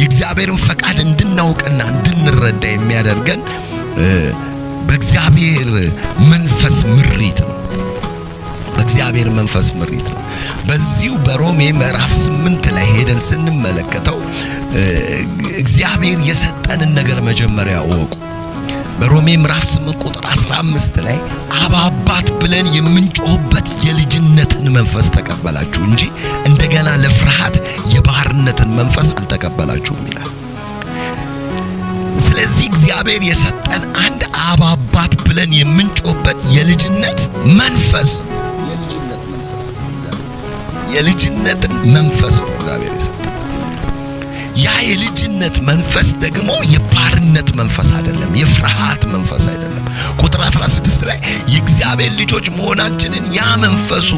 የእግዚአብሔርን ፈቃድ እንድናውቅና እንድንረዳ የሚያደርገን በእግዚአብሔር መንፈስ ምሪት ነው። በእግዚአብሔር መንፈስ ምሪት ነው። በዚሁ በሮሜ ምዕራፍ ስምንት ላይ ሄደን ስንመለከተው እግዚአብሔር የሰጠንን ነገር መጀመሪያ እወቁ። በሮሜ ምዕራፍ ስምንት ቁጥር 15 ላይ አባ አባት ብለን የምንጮህበት የልጅነትን መንፈስ ተቀበላችሁ እንጂ እንደገና ለፍርሃት የባህርነትን መንፈስ አልተቀበላችሁም ይላል። ስለዚህ እግዚአብሔር የሰጠን አንድ አባ አባት ብለን የምንጮበት የልጅነት መንፈስ የልጅነትን መንፈስ ነው እግዚአብሔር የልጅነት መንፈስ ደግሞ የባርነት መንፈስ አይደለም፣ የፍርሃት መንፈስ አይደለም። ቁጥር 16 ላይ የእግዚአብሔር ልጆች መሆናችንን ያ መንፈሱ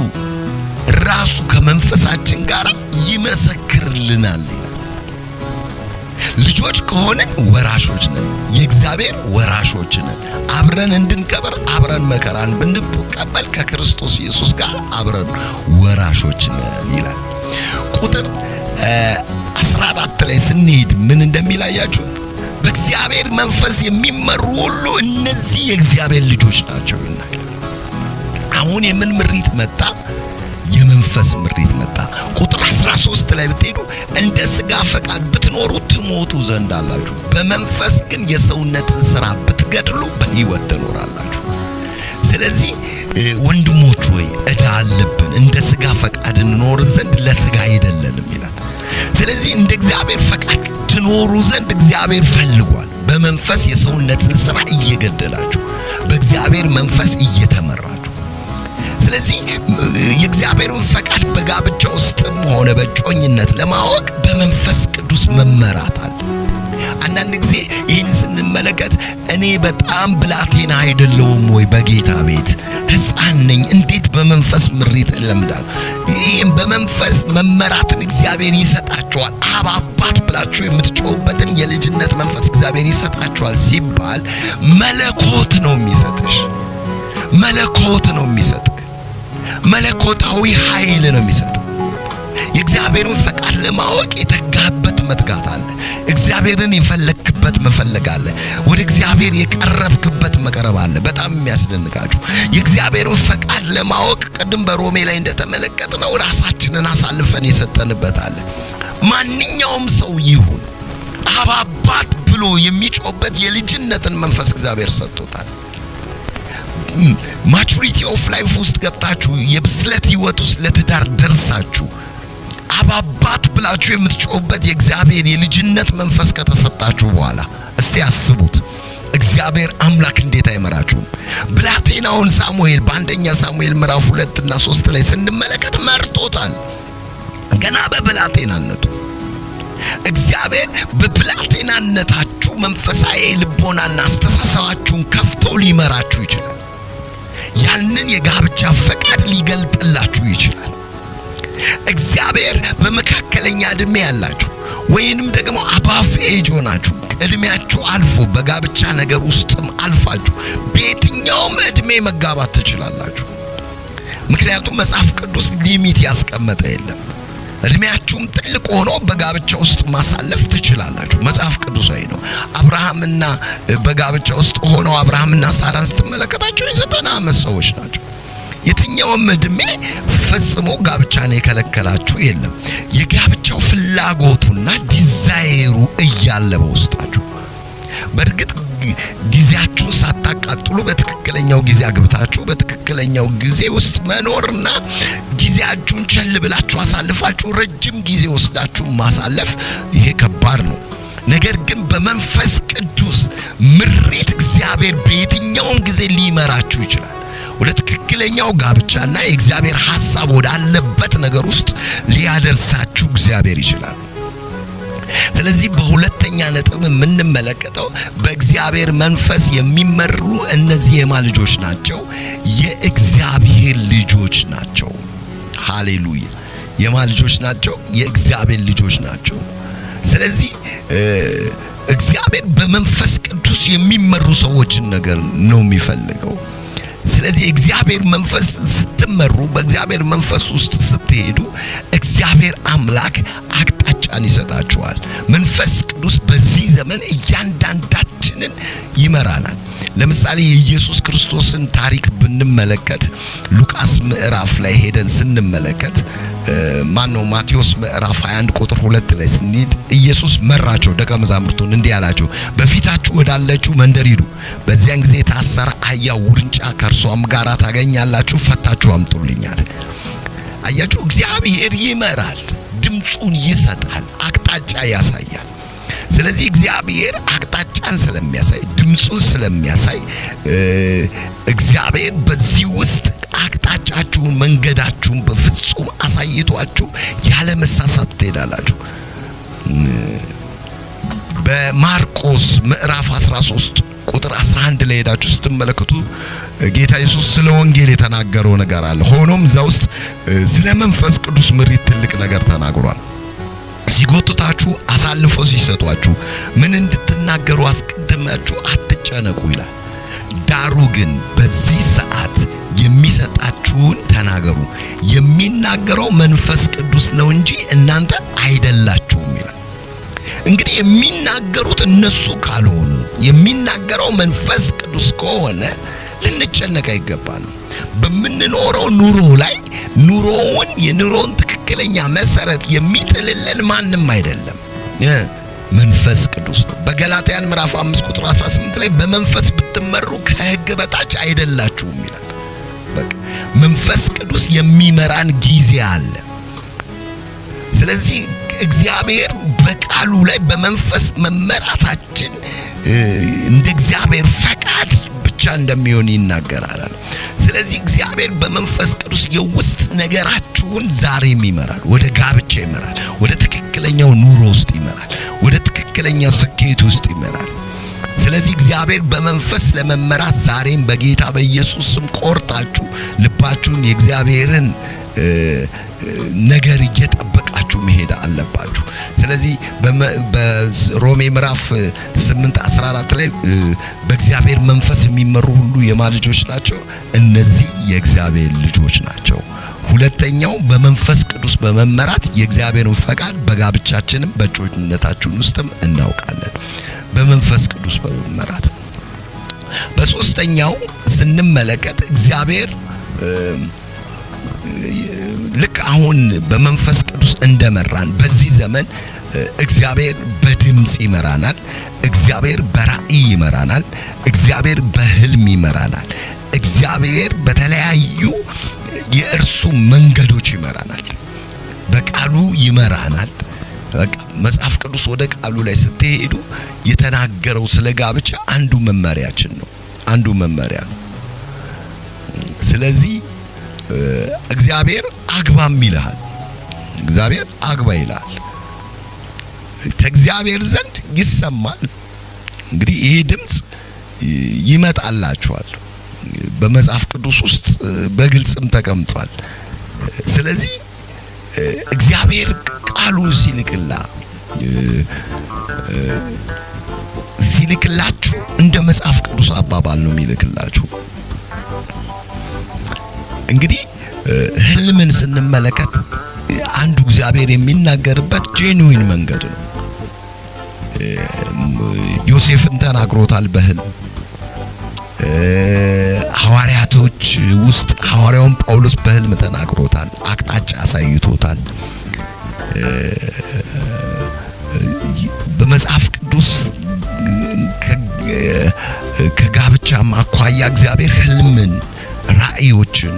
ራሱ ከመንፈሳችን ጋር ይመሰክርልናል። ልጆች ከሆንን ወራሾች ነን፣ የእግዚአብሔር ወራሾች ነን። አብረን እንድንከበር አብረን መከራን ብንቀበል ከክርስቶስ ኢየሱስ ጋር አብረን ወራሾች ነን ይላል ቁጥር 14 ላይ ስንሄድ ምን እንደሚላያችሁ በእግዚአብሔር መንፈስ የሚመሩ ሁሉ እነዚህ የእግዚአብሔር ልጆች ናቸው ይናል። አሁን የምን ምሪት መጣ? የመንፈስ ምሪት መጣ። ቁጥር 13 ላይ ብትሄዱ እንደ ስጋ ፈቃድ ብትኖሩ ትሞቱ ዘንድ አላችሁ፣ በመንፈስ ግን የሰውነትን ስራ ብትገድሉ በህይወት ትኖራላችሁ። ስለዚህ ወንድሞች ወይ እዳ አለብን፣ እንደ ስጋ ፈቃድ እንኖር ዘንድ ለስጋ አይደለንም ይላል። ስለዚህ እንደ እግዚአብሔር ፈቃድ ትኖሩ ዘንድ እግዚአብሔር ፈልጓል። በመንፈስ የሰውነትን ስራ እየገደላችሁ በእግዚአብሔር መንፈስ እየተመራችሁ ስለዚህ የእግዚአብሔርን ፈቃድ በጋብቻ ውስጥም ሆነ በጮኝነት ለማወቅ በመንፈስ ቅዱስ መመራት አለ። አንዳንድ ጊዜ ይህን ስንመለከት እኔ በጣም ብላቴና አይደለውም ወይ? በጌታ ቤት ሕፃን ነኝ። እንዴት በመንፈስ ምሪት እለምዳለሁ? ይህም በመንፈስ መመራትን እግዚአብሔር ይሰጣቸዋል። አባ አባት ብላችሁ የምትጮሁበትን የልጅነት መንፈስ እግዚአብሔር ይሰጣቸዋል ሲባል መለኮት ነው የሚሰጥሽ። መለኮት ነው የሚሰጥ። መለኮታዊ ኃይል ነው የሚሰጥ። የእግዚአብሔርን ፈቃድ ለማወቅ የተጋበት መትጋት አለ። እግዚአብሔርን የፈለግክበት መፈለግ አለ። ወደ እግዚአብሔር የቀረብክበት መቀረብ አለ። በጣም የሚያስደንቃችሁ የእግዚአብሔርን ፈቃድ ለማወቅ ቅድም በሮሜ ላይ እንደተመለከትነው ራሳችንን አሳልፈን የሰጠንበት አለ። ማንኛውም ሰው ይሁን አባባት ብሎ የሚጮበት የልጅነትን መንፈስ እግዚአብሔር ሰጥቶታል። ማቹሪቲ ኦፍ ላይፍ ውስጥ ገብታችሁ የብስለት ህይወት ውስጥ ለትዳር ደርሳችሁ አባባት ብላችሁ የምትጮሁበት የእግዚአብሔር የልጅነት መንፈስ ከተሰጣችሁ በኋላ እስቲ አስቡት። እግዚአብሔር አምላክ እንዴት አይመራችሁም? ብላቴናውን ሳሙኤል በአንደኛ ሳሙኤል ምዕራፍ ሁለት እና ሶስት ላይ ስንመለከት መርቶታል። ገና በብላቴናነቱ እግዚአብሔር በብላቴናነታችሁ መንፈሳዊ ልቦናና አስተሳሰባችሁን ከፍቶ ሊመራችሁ ይችላል። ያንን የጋብቻ ፈቃድ ሊገልጥላችሁ ይችላል። እግዚአብሔር በመካከለኛ እድሜ ያላችሁ ወይንም ደግሞ አባፍ ኤጅ ሆናችሁ እድሜያችሁ አልፎ በጋብቻ ነገር ውስጥም አልፋችሁ በየትኛውም እድሜ መጋባት ትችላላችሁ። ምክንያቱም መጽሐፍ ቅዱስ ሊሚት ያስቀመጠ የለም። እድሜያችሁም ትልቅ ሆኖ በጋብቻ ውስጥ ማሳለፍ ትችላላችሁ። መጽሐፍ ቅዱሳዊ ነው። አብርሃምና በጋብቻ ውስጥ ሆነው አብርሃምና ሳራን ስትመለከታቸው የዘጠና ዓመት ሰዎች ናቸው። የትኛውም እድሜ ፈጽሞ ጋብቻን የከለከላችሁ የለም። የጋብቻው ፍላጎቱና ዲዛይሩ እያለ በውስጣችሁ በእርግጥ ጊዜያችሁን ሳታቃጥሉ በትክክለኛው ጊዜ አግብታችሁ በትክክለኛው ጊዜ ውስጥ መኖርና ጊዜያችሁን ቸል ብላችሁ አሳልፋችሁ ረጅም ጊዜ ወስዳችሁ ማሳለፍ ይሄ ከባድ ነው። ነገር ግን በመንፈስ ቅዱስ ምሬት እግዚአብሔር በየትኛውም ጊዜ ሊመራችሁ ይችላል። ትክክለኛው ጋብቻና የእግዚአብሔር ሐሳብ ወዳለበት ነገር ውስጥ ሊያደርሳችሁ እግዚአብሔር ይችላል። ስለዚህ በሁለተኛ ነጥብ የምንመለከተው በእግዚአብሔር መንፈስ የሚመሩ እነዚህ የማ ልጆች ናቸው? የእግዚአብሔር ልጆች ናቸው። ሃሌሉያ! የማ ልጆች ናቸው? የእግዚአብሔር ልጆች ናቸው። ስለዚህ እግዚአብሔር በመንፈስ ቅዱስ የሚመሩ ሰዎችን ነገር ነው የሚፈልገው። ስለዚህ እግዚአብሔር መንፈስ ስትመሩ፣ በእግዚአብሔር መንፈስ ውስጥ ስትሄዱ እግዚአብሔር አምላክ መግለጫን ይሰጣችኋል። መንፈስ ቅዱስ በዚህ ዘመን እያንዳንዳችንን ይመራናል። ለምሳሌ የኢየሱስ ክርስቶስን ታሪክ ብንመለከት ሉቃስ ምዕራፍ ላይ ሄደን ስንመለከት ማን ነው ማቴዎስ ምዕራፍ 21 ቁጥር 2 ላይ ስንሄድ ኢየሱስ መራቸው ደቀ መዛሙርቱን እንዲህ አላቸው፣ በፊታችሁ ወዳለችው መንደር ሂዱ፣ በዚያን ጊዜ የታሰረ አህያ ውርንጫ ከእርሷም ጋር ታገኛላችሁ፣ ፈታችሁ አምጡልኛል። አያችሁ፣ እግዚአብሔር ይመራል። ድምፁን ይሰጣል፣ አቅጣጫ ያሳያል። ስለዚህ እግዚአብሔር አቅጣጫን ስለሚያሳይ ድምፁን ስለሚያሳይ እግዚአብሔር በዚህ ውስጥ አቅጣጫችሁን መንገዳችሁን በፍጹም አሳይቷችሁ ያለ መሳሳት ትሄዳላችሁ። በማርቆስ ምዕራፍ 13 ቁጥር 11 ላይ ሄዳችሁ ስትመለከቱ ጌታ ኢየሱስ ስለ ወንጌል የተናገረው ነገር አለ። ሆኖም እዛ ውስጥ ስለ መንፈስ ቅዱስ ምሪት ትልቅ ነገር ተናግሯል። ሲጎትታችሁ፣ አሳልፎ ሲሰጧችሁ ምን እንድትናገሩ አስቀድማችሁ አትጨነቁ ይላል። ዳሩ ግን በዚህ ሰዓት የሚሰጣችሁን ተናገሩ፣ የሚናገረው መንፈስ ቅዱስ ነው እንጂ እናንተ አይደላችሁም ይላል። እንግዲህ የሚናገሩት እነሱ ካልሆኑ የሚናገረው መንፈስ ቅዱስ ከሆነ ልንጨነቅ አይገባል። በምንኖረው ኑሮ ላይ ኑሮውን የኑሮውን ትክክለኛ መሰረት የሚጥልልን ማንም አይደለም መንፈስ ቅዱስ ነው። በገላትያን ምዕራፍ 5 ቁጥር 18 ላይ በመንፈስ ብትመሩ ከሕግ በታች አይደላችሁም ይላል። በቃ መንፈስ ቅዱስ የሚመራን ጊዜ አለ። ስለዚህ እግዚአብሔር በቃሉ ላይ በመንፈስ መመራታችን እንደ እግዚአብሔር ፈቃድ ብቻ እንደሚሆን ይናገራል። ስለዚህ እግዚአብሔር በመንፈስ ቅዱስ የውስጥ ነገራችሁን ዛሬም ይመራል፣ ወደ ጋብቻ ይመራል፣ ወደ ትክክለኛው ኑሮ ውስጥ ይመራል፣ ወደ ትክክለኛው ስኬት ውስጥ ይመራል። ስለዚህ እግዚአብሔር በመንፈስ ለመመራት ዛሬም በጌታ በኢየሱስ ስም ቆርጣችሁ ልባችሁን የእግዚአብሔርን ነገር እየጠ ይዛችሁ መሄድ አለባችሁ። ስለዚህ በሮሜ ምዕራፍ 8 14 ላይ በእግዚአብሔር መንፈስ የሚመሩ ሁሉ የማልጆች ልጆች ናቸው? እነዚህ የእግዚአብሔር ልጆች ናቸው። ሁለተኛው በመንፈስ ቅዱስ በመመራት የእግዚአብሔርን ፈቃድ በጋብቻችንም በእጮኝነታችን ውስጥም እናውቃለን። በመንፈስ ቅዱስ በመመራት በሶስተኛው ስንመለከት እግዚአብሔር ልክ አሁን በመንፈስ ቅዱስ እንደመራን በዚህ ዘመን እግዚአብሔር በድምፅ ይመራናል። እግዚአብሔር በራእይ ይመራናል። እግዚአብሔር በህልም ይመራናል። እግዚአብሔር በተለያዩ የእርሱ መንገዶች ይመራናል። በቃሉ ይመራናል። በቃ መጽሐፍ ቅዱስ ወደ ቃሉ ላይ ስትሄዱ የተናገረው ስለ ጋብቻ አንዱ መመሪያችን ነው። አንዱ መመሪያ ነው። ስለዚህ እግዚአብሔር አግባም ይልሃል። እግዚአብሔር አግባ ይልሃል። ከእግዚአብሔር ዘንድ ይሰማል። እንግዲህ ይሄ ድምፅ ይመጣላችኋል። በመጽሐፍ ቅዱስ ውስጥ በግልጽም ተቀምጧል። ስለዚህ እግዚአብሔር ቃሉን ሲልክላ ሲልክላችሁ እንደ መጽሐፍ ቅዱስ አባባል ነው የሚልክላችሁ እንግዲህ ህልምን ስንመለከት አንዱ እግዚአብሔር የሚናገርበት ጄኑዊን መንገድ ነው። ዮሴፍን ተናግሮታል በህልም ሐዋርያቶች ውስጥ ሐዋርያውን ጳውሎስ በህልም ተናግሮታል፣ አቅጣጫ አሳይቶታል። በመጽሐፍ ቅዱስ ከጋብቻም አኳያ እግዚአብሔር ህልምን፣ ራእዮችን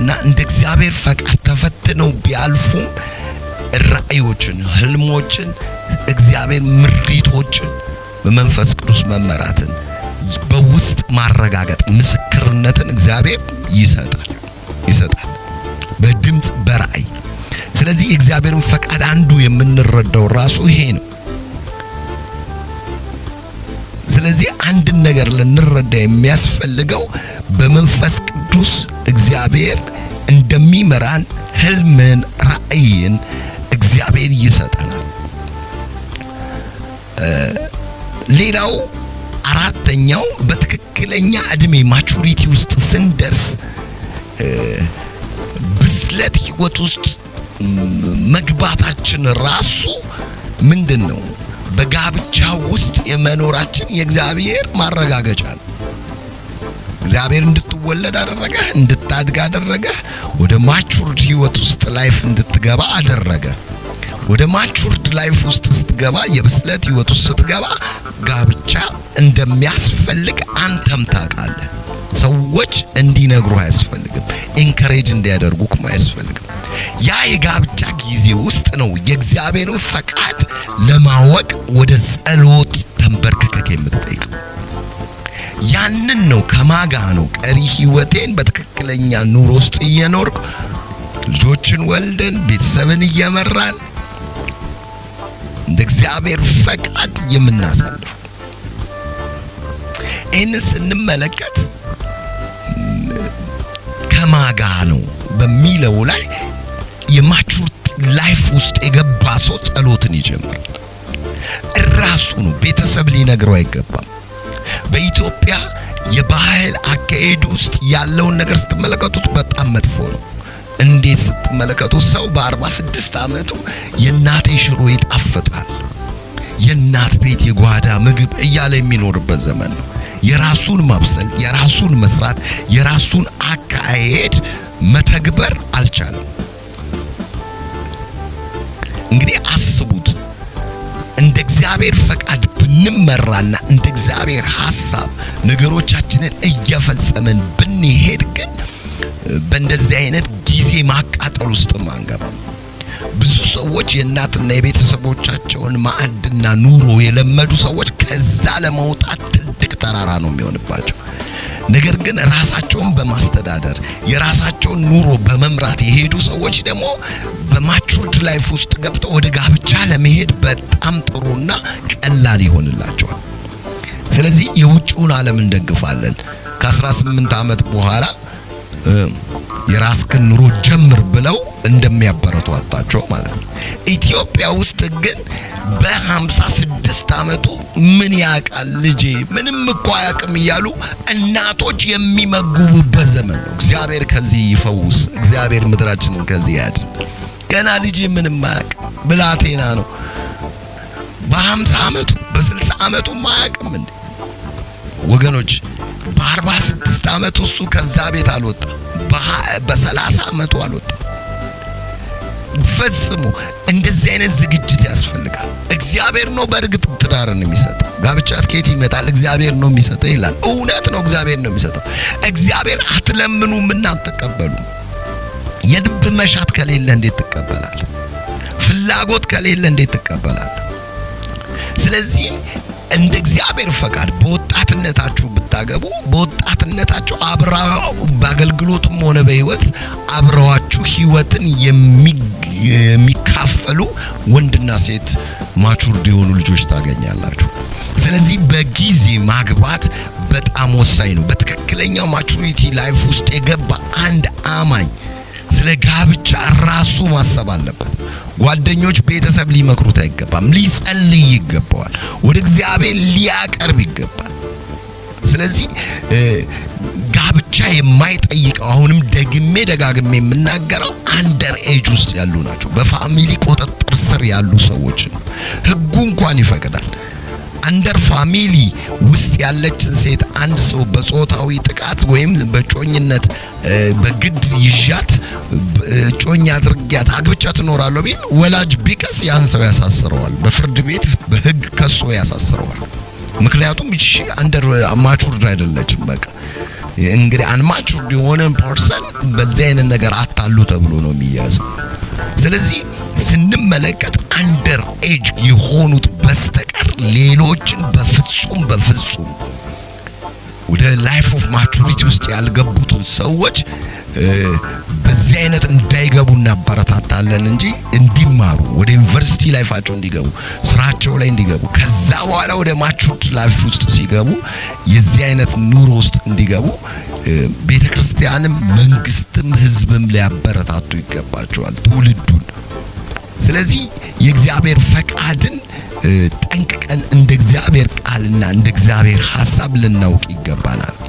እና እንደ እግዚአብሔር ፈቃድ ተፈትነው ቢያልፉም ራእዮችን፣ ህልሞችን፣ እግዚአብሔር ምሪቶችን በመንፈስ ቅዱስ መመራትን በውስጥ ማረጋገጥ ምስክርነትን እግዚአብሔር ይሰጣል ይሰጣል በድምፅ በራእይ። ስለዚህ የእግዚአብሔርን ፈቃድ አንዱ የምንረዳው ራሱ ይሄ ነው። ስለዚህ አንድን ነገር ልንረዳ የሚያስፈልገው በመንፈስ ቅዱስ እግዚአብሔር እንደሚመራን ህልምን፣ ራእይን እግዚአብሔር ይሰጠናል። ሌላው አራተኛው በትክክለኛ እድሜ ማቹሪቲ ውስጥ ስንደርስ ብስለት ህይወት ውስጥ መግባታችን ራሱ ምንድን ነው? በጋብቻ ውስጥ የመኖራችን የእግዚአብሔር ማረጋገጫ ነው። እግዚአብሔር እንድትወለድ አደረገ እንድታድግ አደረገ ወደ ማቹርድ ህይወት ውስጥ ላይፍ እንድትገባ አደረገ። ወደ ማቹርድ ላይፍ ውስጥ ስትገባ፣ የብስለት ህይወት ውስጥ ስትገባ ጋብቻ እንደሚያስፈልግ አንተም ታውቃለህ። ሰዎች እንዲነግሩ አያስፈልግም። ኢንከሬጅ እንዲያደርጉ አያስፈልግም። ያ የጋብቻ ጊዜ ውስጥ ነው የእግዚአብሔርን ፈቃድ ለማወቅ ወደ ጸሎት ተንበርክከክ የምትጠይቀው። ያንን ነው ከማጋ ነው ቀሪ ህይወቴን በትክክለኛ ኑሮ ውስጥ እየኖርኩ ልጆችን ወልደን ቤተሰብን እየመራን እንደ እግዚአብሔር ፈቃድ የምናሳልፉ ይህንን ስንመለከት ከማጋ ነው በሚለው ላይ የማቹር ላይፍ ውስጥ የገባ ሰው ጸሎትን ይጀምራል። ራሱ ነው ቤተሰብ ሊነግረው አይገባም። በኢትዮጵያ የባህል አካሄድ ውስጥ ያለውን ነገር ስትመለከቱት በጣም መጥፎ ነው። እንዴት ስትመለከቱት ሰው በ46 ዓመቱ የእናቴ ሽሮ ይጣፍጣል የእናት ቤት የጓዳ ምግብ እያለ የሚኖርበት ዘመን ነው። የራሱን ማብሰል፣ የራሱን መስራት፣ የራሱን አካሄድ መተግበር አልቻለም። እንግዲህ አስቡት እንደ እግዚአብሔር ፈቃድ ብንመራና እንደ እግዚአብሔር ሐሳብ ነገሮቻችንን እየፈጸምን ብንሄድ ግን በእንደዚህ አይነት ጊዜ ማቃጠል ውስጥም አንገባም። ብዙ ሰዎች የእናትና የቤተሰቦቻቸውን ማዕድና ኑሮ የለመዱ ሰዎች ከዛ ለመውጣት ተራራ ነው የሚሆንባቸው። ነገር ግን ራሳቸውን በማስተዳደር የራሳቸውን ኑሮ በመምራት የሄዱ ሰዎች ደግሞ በማቹርድ ላይፍ ውስጥ ገብተው ወደ ጋብቻ ለመሄድ በጣም ጥሩና ቀላል ይሆንላቸዋል። ስለዚህ የውጭውን ዓለም እንደግፋለን ከ18 ዓመት በኋላ የራስክን ኑሮ ጀምር ብለው እንደሚያበረቷታቸው ማለት ነው። ኢትዮጵያ ውስጥ ግን በ ስድስት ዓመቱ ምን ያውቃል ልጄ ምንም እኮ አያውቅም እያሉ እናቶች የሚመግቡበት ዘመን ነው። እግዚአብሔር ከዚህ ይፈውስ። እግዚአብሔር ምድራችንን ከዚህ ያድን። ገና ልጄ ምንም አያውቅም ብላቴና ነው። በሀምሳ ዓመቱ በ60 ዓመቱ አያውቅም እንዴ ወገኖች በአርባ ስድስት ዓመቱ እሱ ከዛ ቤት አልወጣ፣ በሰላሳ ዓመቱ አልወጣም ፈጽሞ እንደዚህ አይነት ዝግጅት ያስፈልጋል። እግዚአብሔር ነው በእርግጥ ትዳርን የሚሰጠው። ጋብቻት ከየት ይመጣል? እግዚአብሔር ነው የሚሰጠው ይላል። እውነት ነው፣ እግዚአብሔር ነው የሚሰጠው። እግዚአብሔር አትለምኑምና አትቀበሉም። የልብ መሻት ከሌለ እንዴት ትቀበላል? ፍላጎት ከሌለ እንዴት ትቀበላል? ስለዚህ እንደ እግዚአብሔር ፈቃድ በወጣትነታችሁ ብታገቡ በወጣትነታችሁ አብራው በአገልግሎትም ሆነ በህይወት አብረዋችሁ ህይወትን የሚካፈሉ ወንድና ሴት ማቹርድ የሆኑ ልጆች ታገኛላችሁ። ስለዚህ በጊዜ ማግባት በጣም ወሳኝ ነው። በትክክለኛው ማቹሪቲ ላይፍ ውስጥ የገባ አንድ አማኝ ስለ ጋብቻ ራሱ ማሰብ አለበት። ጓደኞች፣ ቤተሰብ ሊመክሩት አይገባም። ሊጸልይ ይገባዋል። ወደ እግዚአብሔር ሊያቀርብ ይገባል። ስለዚህ ጋብቻ የማይጠይቀው አሁንም ደግሜ ደጋግሜ የምናገረው አንደር ኤጅ ውስጥ ያሉ ናቸው። በፋሚሊ ቁጥጥር ስር ያሉ ሰዎች ነው። ህጉ እንኳን ይፈቅዳል። አንደር ፋሚሊ ውስጥ ያለችን ሴት አንድ ሰው በጾታዊ ጥቃት ወይም በጮኝነት በግድ ይዣት ጮኝ አድርጊያት አግብቻ ትኖራለሁ ቢል ወላጅ ቢቀስ ያን ሰው ያሳስረዋል፣ በፍርድ ቤት በህግ ከሶ ያሳስረዋል። ምክንያቱም እሺ አንደር ማቹርድ አይደለችም። በቃ እንግዲህ አንማቹርድ የሆነን ፐርሰን በዚህ አይነት ነገር አታሉ ተብሎ ነው የሚያዘው። ስለዚህ ስንመለከት አንደር ኤጅ የሆኑት በስተቀር ሌሎችን በፍጹም በፍጹም ወደ ላይፍ ኦፍ ማቹሪቲ ውስጥ ያልገቡትን ሰዎች በዚህ አይነት እንዳይገቡ እናበረታታለን እንጂ እንዲማሩ ወደ ዩኒቨርሲቲ ላይፋቸው እንዲገቡ ስራቸው ላይ እንዲገቡ ከዛ በኋላ ወደ ማቹሪቲ ላይፍ ውስጥ ሲገቡ የዚህ አይነት ኑሮ ውስጥ እንዲገቡ ቤተክርስቲያንም መንግስትም ህዝብም ሊያበረታቱ ይገባቸዋል ትውልዱን ስለዚህ የእግዚአብሔር ፈቃድን ጠንቅቀን እንደ እግዚአብሔር ቃልና እንደ እግዚአብሔር ሐሳብ ልናውቅ ይገባናል።